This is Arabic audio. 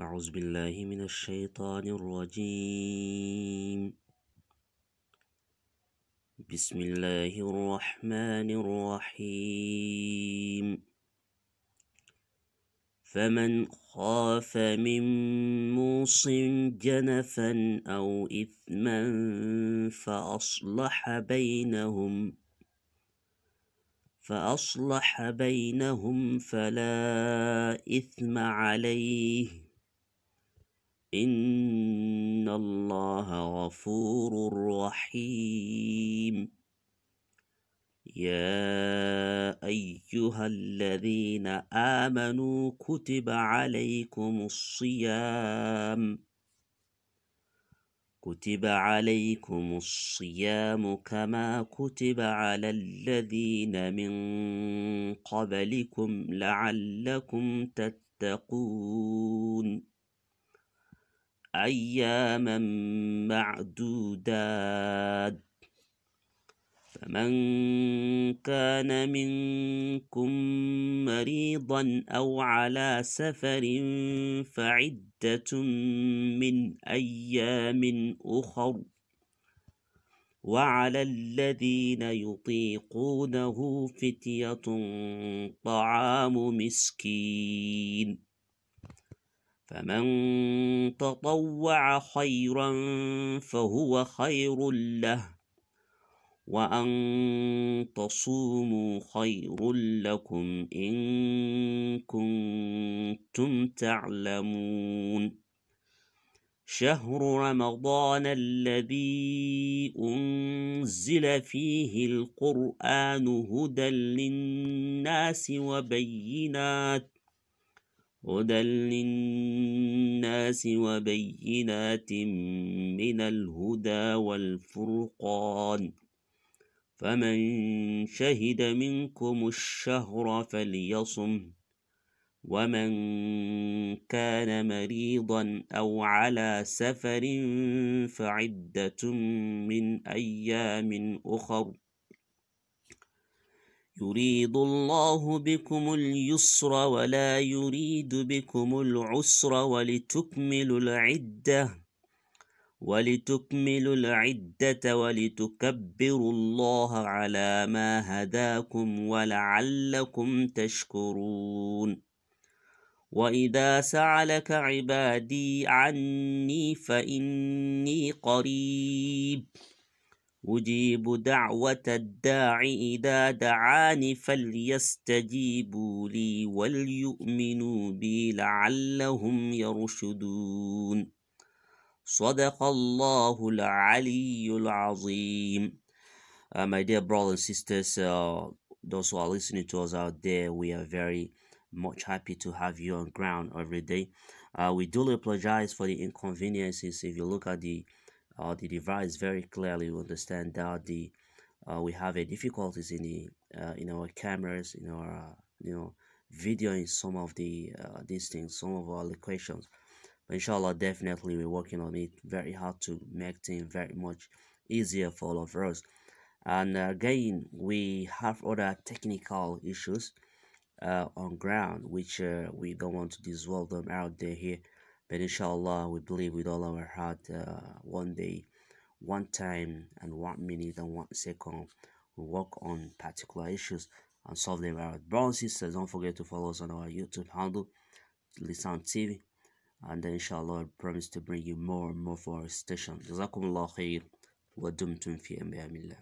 أعوذ بالله من الشيطان الرجيم بسم الله الرحمن الرحيم فمن خاف من موص جنفا أو إثما فأصلح بينهم فأصلح بينهم فلا إثم عليه إن الله غفور رحيم يا أيها الذين آمنوا كتب عليكم الصيام كتب عليكم الصيام كما كتب على الذين من قبلكم لعلكم تتقون أياما معدودات فمن كان منكم مريضا أو على سفر فعدة من أيام أخر وعلى الذين يطيقونه فتية طعام مسكين فمن تطوع خيرا فهو خير له وأن تصوموا خير لكم إن كنتم تعلمون شهر رمضان الذي أنزل فيه القرآن هدى للناس وبينات هدى للناس وبينات من الهدى والفرقان فمن شهد منكم الشهر فليصم ومن كان مريضا او على سفر فعده من ايام اخر يريد الله بكم اليسر ولا يريد بكم العسر ولتكملوا العدة ولتكملوا العدة ولتكبروا الله على ما هداكم ولعلكم تشكرون وإذا سعلك عبادي عني فإني قريب أجيب دعوة الداع إذا دعاني فليستجيبوا لي وليؤمنوا بي لعلهم يرشدون صدق الله العلي العظيم uh, My dear brothers and sisters, uh, those who are listening to us out there, we are very much happy to have you on ground every day. Uh, we do apologize for the inconveniences if you look at the uh, the device very clearly will understand that the uh, we have a difficulties in the uh, in our cameras in our uh, you know video in some of the uh, these things some of our equations but inshallah definitely we're working on it very hard to make things very much easier for all of us and uh, again we have other technical issues uh, on ground which uh, we don't want to dissolve them out there here but inshallah, we believe with all our heart uh, one day, one time, and one minute and one second, we work on particular issues and solve them various Brown sisters, don't forget to follow us on our YouTube handle, Lisan TV. And then inshallah, I promise to bring you more and more for our station. Jazakumullah khair. ودمتم